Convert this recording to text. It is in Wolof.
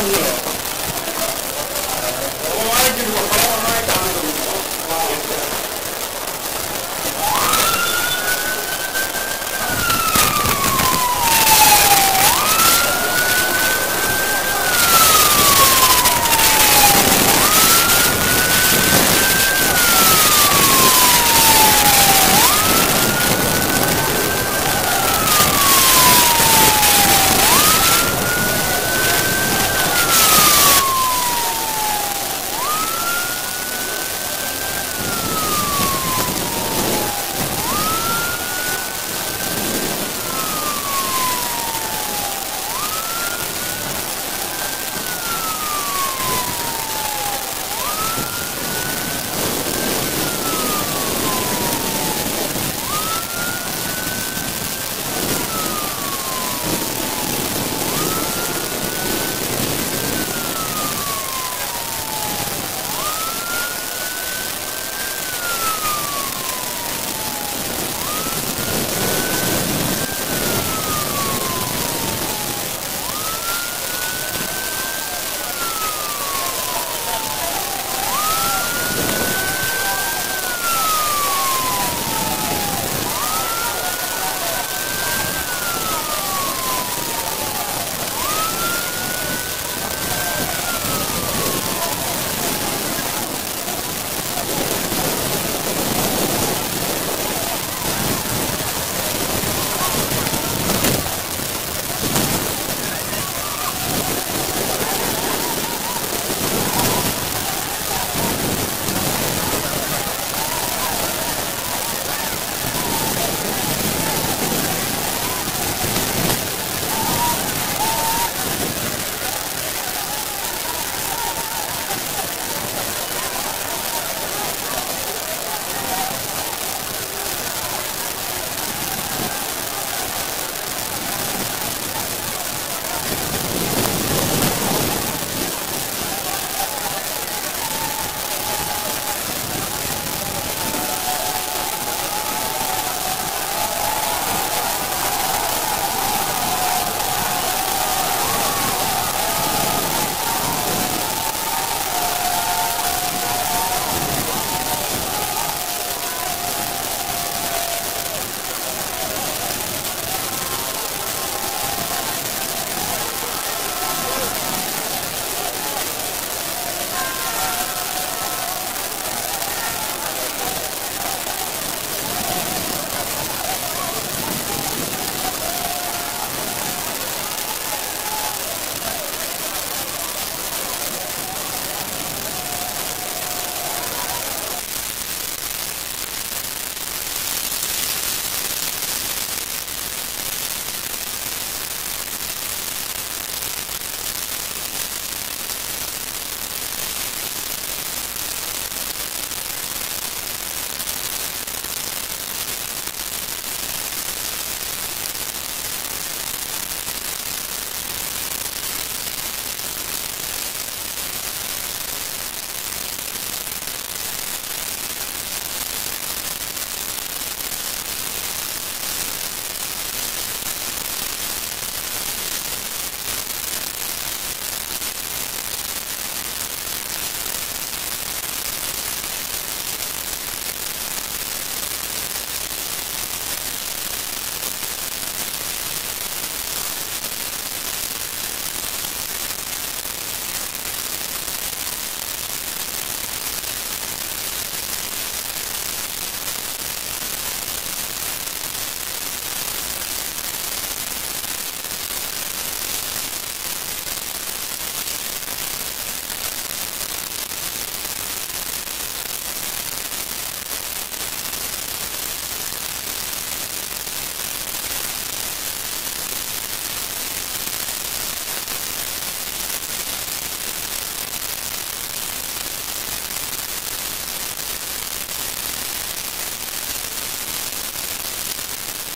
Amen.